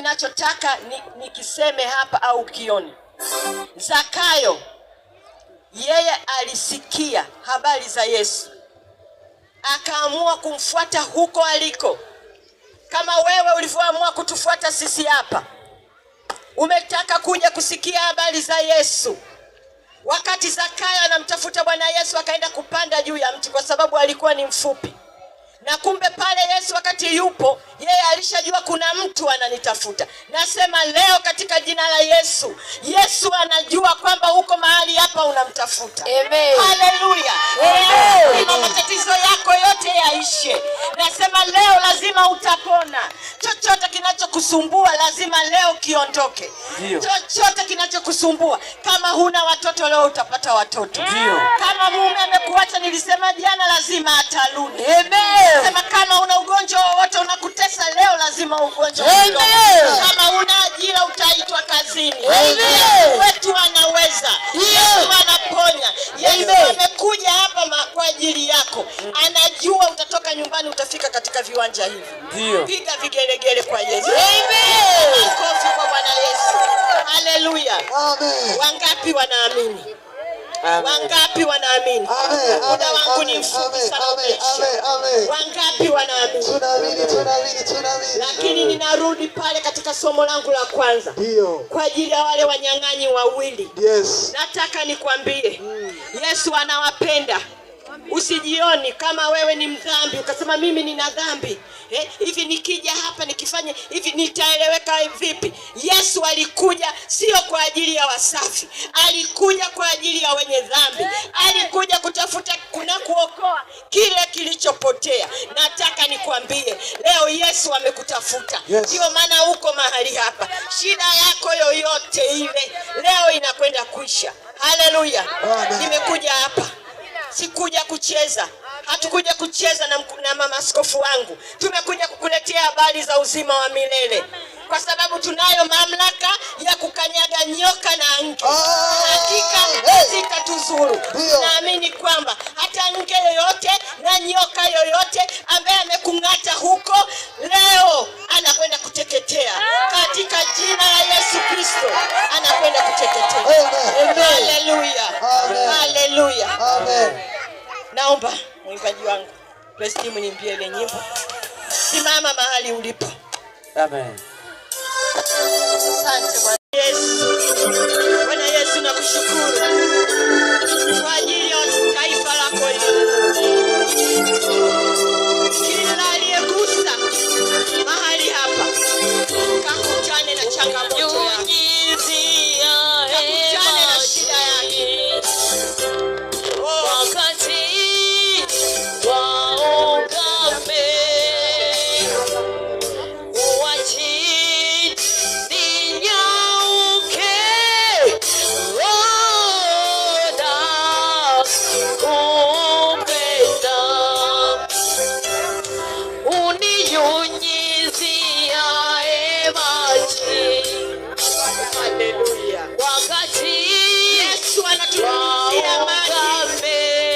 ninachotaka ni, hapa au kione. Zakayo yeye alisikia habari za Yesu akaamua kumfuata huko aliko, kama wewe ulivyoamua kutufuata sisi hapa. Umetaka kuja kusikia habari za Yesu. Wakati Zakayo anamtafuta Bwana Yesu, akaenda kupanda juu ya mti kwa sababu alikuwa ni mfupi na kumbe pale Yesu wakati yupo yeye alishajua kuna mtu ananitafuta. Nasema leo katika jina la Yesu, Yesu anajua kwamba uko mahali hapa unamtafuta. Haleluya! Amen. matatizo yako yote yaishe. Nasema leo lazima utapona. Chochote kinachokusumbua lazima leo kiondoke. Chochote kinachokusumbua, kama huna watoto leo utapata watoto. Kama mume amekuacha, nilisema jana, lazima atarudi. Amen. Anasema kama una ugonjwa wowote unakutesa leo, lazima ugonjwa. Kama una ajira utaitwa kazini. Yesu wetu anaweza, Yesu anaponya. Yesu amekuja hapa kwa ajili yako, anajua utatoka nyumbani utafika katika viwanja hivi. Piga vigelegele kwa Yesu, makofi kwa Bwana Yesu. Haleluya, amen. Wangapi wanaamini? Wangapi wanaamini? Muda wangu ni mfupi sana. Wangapi wanaamini? Tunaamini, tunaamini, tunaamini. Lakini ninarudi pale katika somo langu la kwanza. Ndio. Kwa ajili ya wale wanyang'anyi wawili. Yes. Nataka nikwambie. Mm. Yesu anawapenda. Usijioni kama wewe ni mdhambi ukasema mimi nina dhambi eh, hivi nikija hapa nikifanya hivi nitaeleweka vipi? Yesu alikuja sio kwa ajili ya wasafi, alikuja kwa ajili ya wenye dhambi, alikuja kutafuta kuna kuokoa kile kilichopotea. Nataka nikwambie leo Yesu amekutafuta ndio, yes. Maana uko mahali hapa, shida yako yoyote ile leo inakwenda kuisha. Haleluya, nimekuja hapa Sikuja kucheza, hatukuja kucheza na, na mama askofu wangu. Tumekuja kukuletea habari za uzima wa milele, kwa sababu tunayo mamlaka ya kukanyaga nyoka na nge. Ah, hakika zitatuzuru. Naamini kwamba hata nge yoyote na nyoka yoyote ambaye amekung'ata kipaji wangu. Prestige nimpie ile nyimbo. Simama mahali ulipo. Amen. Asante Bwana Yesu. Bwana Yesu nakushukuru. Haleluya. Wakati Yesu anatunyunyizia maji die.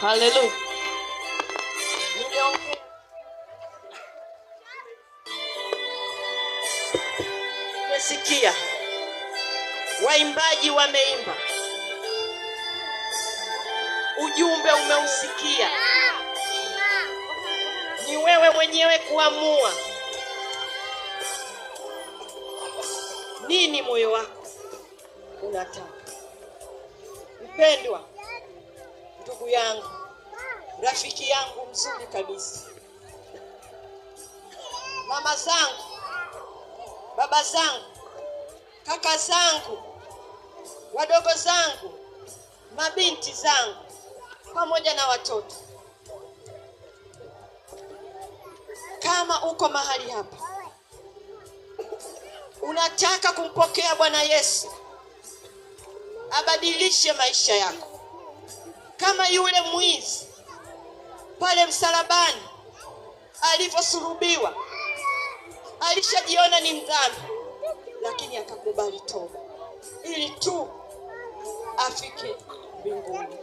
Hallelujah. Umesikia, waimbaji wameimba, ujumbe umeusikia. Ni wewe mwenyewe kuamua nini moyo wako unataka. Mpendwa, ndugu yangu, rafiki yangu mzuri kabisa, mama zangu, baba zangu, kaka zangu, wadogo zangu, mabinti zangu, pamoja na watoto, kama uko mahali hapa unataka kumpokea Bwana Yesu abadilishe maisha yako kama yule mwizi pale msalabani alivyosulubiwa. Alishajiona ni mdhambi, lakini akakubali toba ili tu afike mbinguni.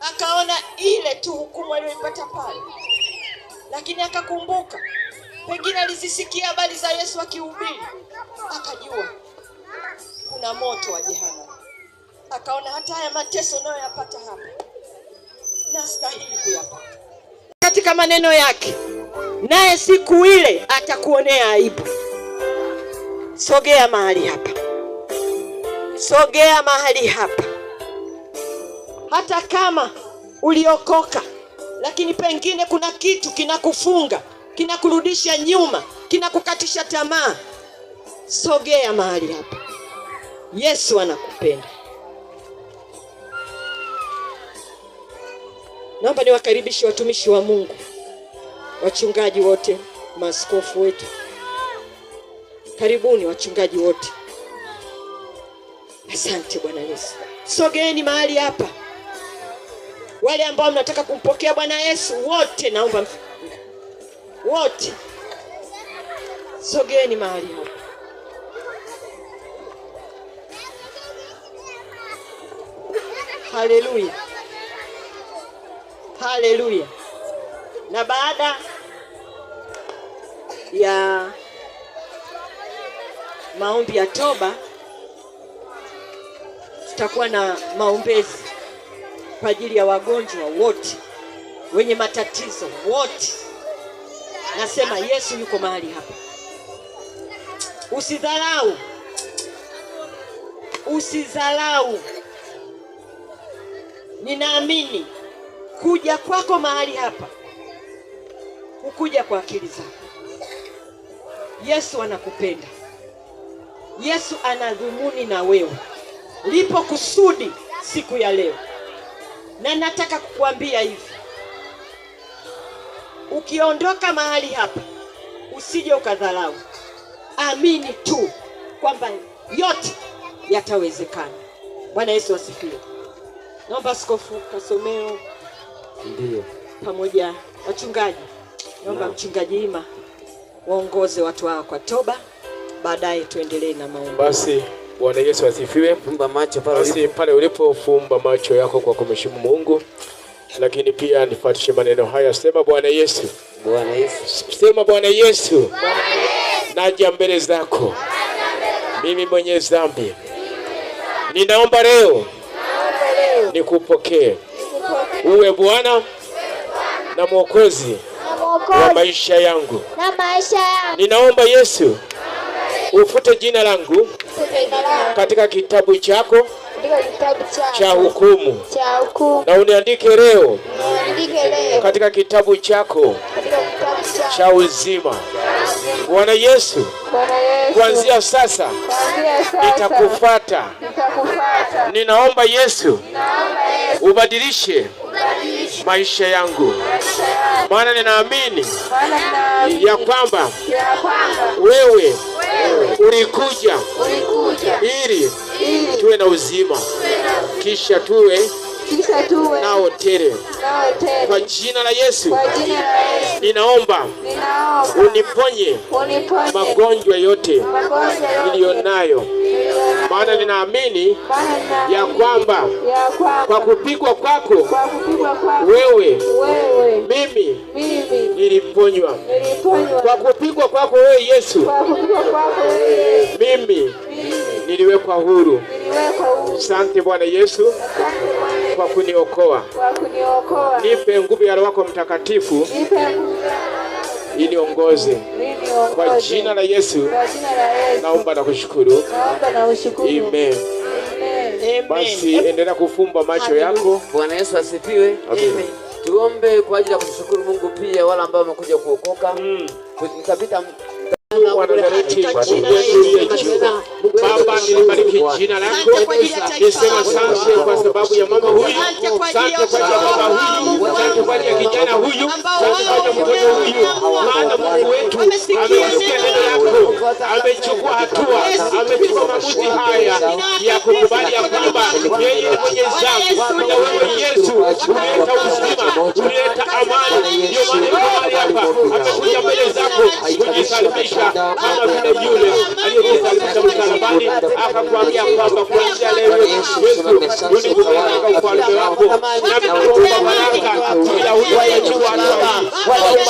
Akaona ile tu hukumu aliyoipata pale, lakini akakumbuka, pengine alizisikia habari za Yesu akihubiri, akajua kuna moto wa jehanamu akaona hata haya mateso unayoyapata hapa nastahili kuyapata. Katika maneno yake, naye siku ile atakuonea aibu. Sogea mahali hapa, sogea mahali hapa. Hata kama uliokoka, lakini pengine kuna kitu kinakufunga, kinakurudisha nyuma, kinakukatisha tamaa. Sogea mahali hapa, Yesu anakupenda. Naomba niwakaribishe watumishi wa Mungu, wachungaji wote, maaskofu wetu. Karibuni wachungaji wote. Asante Bwana Yesu. Sogeeni mahali hapa, wale ambao mnataka kumpokea Bwana Yesu wote, naomba wote sogeeni mahali hapa. Haleluya. Haleluya. Na baada ya maombi ya toba tutakuwa na maombezi kwa ajili ya wagonjwa wote wenye matatizo wote. Nasema Yesu yuko mahali hapa. Usidharau, usidharau. Ninaamini kuja kwako mahali hapa hukuja kwa akili zako. Yesu anakupenda. Yesu ana dhumuni na wewe, lipo kusudi siku ya leo, na nataka kukuambia hivi, ukiondoka mahali hapa usije ukadharau, amini tu kwamba yote yatawezekana. Bwana Yesu asifiwe. Naomba askofu kasomeo Ndiyo. Pamoja wachungaji, naomba mchungaji Ima waongoze watu hawa kwa toba, baadaye tuendelee na maombi. Basi Bwana Yesu asifiwe. Fumba macho pale ulipo. Basi pale ulipo fumba macho yako kwa kumheshimu Mungu, lakini pia nifuatishe maneno haya, sema Bwana Yesu. Bwana Yesu. Sema Bwana Yesu. Bwana Yesu. Naja mbele zako mimi mwenye dhambi, ninaomba leo nikupokee uwe Bwana na Mwokozi wa maisha yangu, ninaomba Yesu ufute jina langu katika kitabu chako cha hukumu na uniandike leo katika kitabu chako cha uzima. Bwana Yesu, kuanzia sasa nitakufuata. Ninaomba Yesu ubadilishe maisha yangu. Bwana, ninaamini ya kwamba wewe ulikuja ili tuwe na uzima, kisha tuwe na otere kwa jina la Yesu ninaomba uniponye magonjwa yote niliyonayo, maana ninaamini ya kwamba kwa kupigwa kwako wewe mimi niliponywa. Kwa kupigwa kwako wewe Yesu mimi niliwekwa huru. Asante Bwana Yesu kwa kuniokoa. Okoa. Nipe nguvu ya Roho wako Mtakatifu. Nipe nguvu kwa jina la Yesu, naomba na kushukuru. Amen. Basi endelea kufumba macho yako. Bwana Yesu asifiwe. Amen. Tuombe kwa ajili ya kumshukuru Mungu pia wale ambao wamekuja kuokoka. Mm. Mungu wa Nazareti, Baba nilibariki jina lako, nisema asante kwa sababu ya mama huyu, asante kwa ajili ya baba huyu, asante kwa ajili ya kijana huyu, asante kwa ajili ya mtoto huyu, maana Mungu wetu amesikia neno lako, amechukua hatua, amechukua maamuzi haya ya kukubali ya kwamba yeye ni mwenye dhambi, na wewe Yesu uleta uzima, uleta amani, ndio maana hapa amekuja mbele zako kujisalimisha dada yule aliyekuwa katika msalabani, akakwambia kwamba kuanzia leo Yesu ulimwengu ufalme wako, na kuomba baraka juu ya huduma ya jua naomba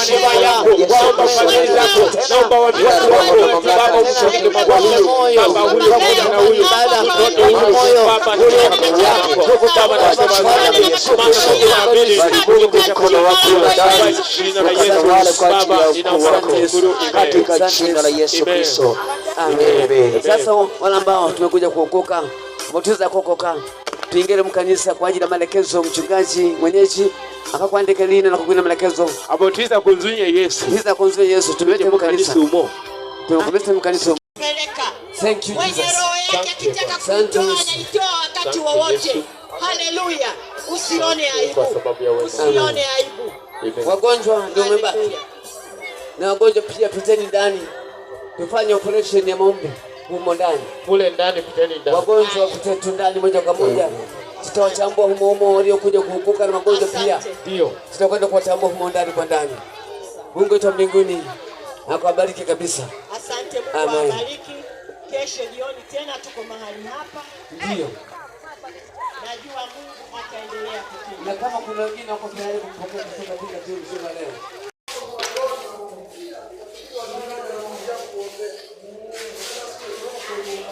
neema yako, naomba fadhili zako, naomba watu wako Baba, umshukuru baba huyu, baba huyu, kijana huyu, mtoto huyu, baba Baba, nasema zambi maana kwa mbili nikuja mkono wako, na Yesu Baba, ninaomba kushukuru katika jina la Yesu Kristo. Amen. Sasa wale ambao tumekuja kuokoka, motiza kuokoka, tuingere mkanisa kwa ajili ya maelekezo. Mchungaji mwenyeji akakuandika lina na kukuina maelekezo tuiza kunzunya Yesu, Tuiza kunzunya Yesu, tumete mkanisa umo, tumete mkanisa Thank you Jesus. Thank Asante wakati wowote. Haleluya. Usione aibu. Usione aibu. Wagonjwa ndio umebaki. Na wagonjwa pia piteni ndani tufanye operation ya maombi humo ndani, kule ndani kuteni ndani, wagonjwa kutetu ndani moja kwa moja tutawachambua humo humo waliokuja kuhukuka na magonjwa pia, ndio tutakwenda kuwachambua humo ndani kwa ndani. Mungu wetu mbinguni akubariki kabisa. Asante, Mungu awabariki. Kesho jioni tena tuko mahali hapa, ndio najua Mungu ataendelea kutenda, na kama kuna wengine wako tayari kumpokea kutoka leo Gracias.